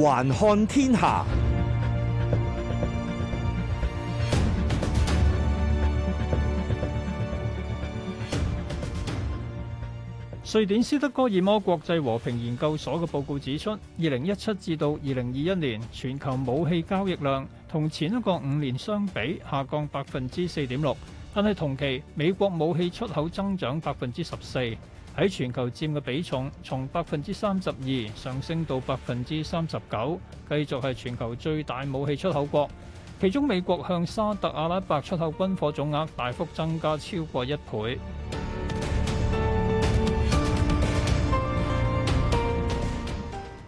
環看天下。瑞典斯德哥爾摩國際和平研究所嘅報告指出，二零一七至到二零二一年，全球武器交易量同前一個五年相比下降百分之四點六，但係同期美國武器出口增長百分之十四。喺全球佔嘅比重從百分之三十二上升到百分之三十九，繼續係全球最大武器出口國。其中美國向沙特阿拉伯出口軍火總額大幅增加超過一倍。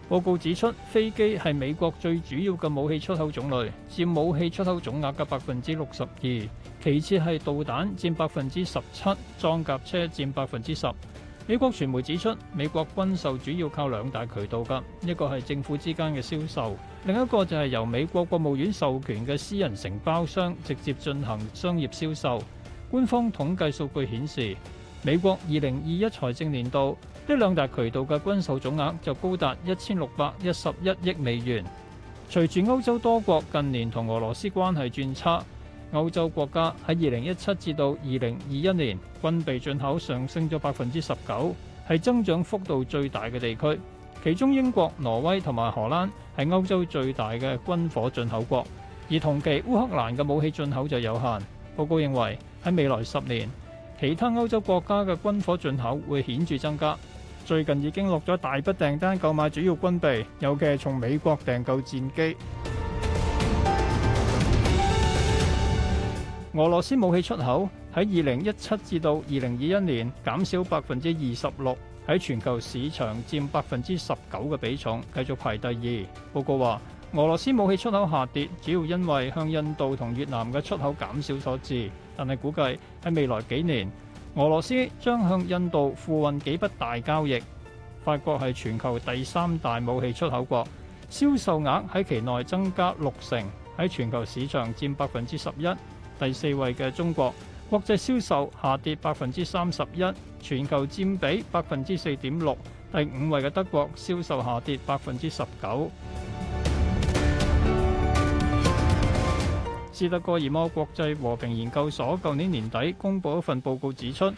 報告指出，飛機係美國最主要嘅武器出口種類，佔武器出口總額嘅百分之六十二；其次係導彈，佔百分之十七，裝甲車佔百分之十。美國傳媒指出，美國軍售主要靠兩大渠道㗎，一個係政府之間嘅銷售，另一個就係由美國國務院授權嘅私人承包商直接進行商業銷售。官方統計數據顯示，美國二零二一財政年度呢兩大渠道嘅軍售總額就高達一千六百一十一億美元。隨住歐洲多國近年同俄羅斯關係轉差。歐洲國家喺二零一七至到二零二一年軍備進口上升咗百分之十九，係增長幅度最大嘅地區。其中英國、挪威同埋荷蘭係歐洲最大嘅軍火進口國。而同期烏克蘭嘅武器進口就有限。報告認為喺未來十年，其他歐洲國家嘅軍火進口會顯著增加。最近已經落咗大筆訂單購買主要軍備，尤其係從美國訂購戰機。俄羅斯武器出口喺二零一七至到二零二一年減少百分之二十六，喺全球市場佔百分之十九嘅比重，繼續排第二。報告話，俄羅斯武器出口下跌，主要因為向印度同越南嘅出口減少所致。但係估計喺未來幾年，俄羅斯將向印度付運幾筆大交易。法國係全球第三大武器出口國，銷售額喺期內增加六成，喺全球市場佔百分之十一。第四位嘅中國國際銷售下跌百分之三十一，全球佔比百分之四點六。第五位嘅德國銷售下跌百分之十九。 斯德哥爾摩國際和平研究所舊年年底公布一份報告指出，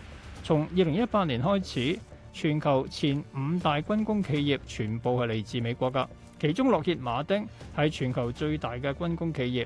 從二零一八年開始，全球前五大軍工企業全部係嚟自美國噶，其中洛歇馬丁係全球最大嘅軍工企業。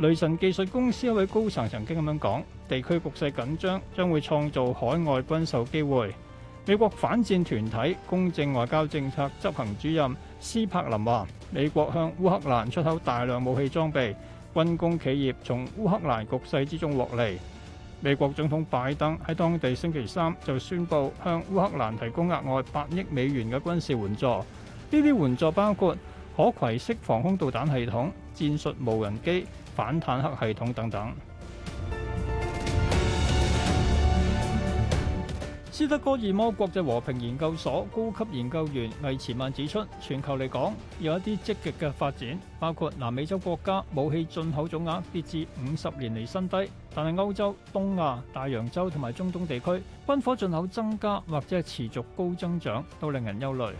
雷神技術公司一位高層曾經咁樣講：地區局勢緊張將會創造海外軍售機會。美國反戰團體公正外交政策執行主任斯柏林話：美國向烏克蘭出口大量武器裝備，軍工企業從烏克蘭局勢之中獲利。美國總統拜登喺當地星期三就宣布向烏克蘭提供額外八億美元嘅軍事援助。呢啲援助包括可攜式防空導彈系統、戰術無人機。反坦克系統等等。斯德哥爾摩國際和平研究所高級研究員魏前曼指出，全球嚟講有一啲積極嘅發展，包括南美洲國家武器進口總額跌至五十年嚟新低，但係歐洲、東亞、大洋洲同埋中東地區軍火進口增加或者係持續高增長，都令人憂慮。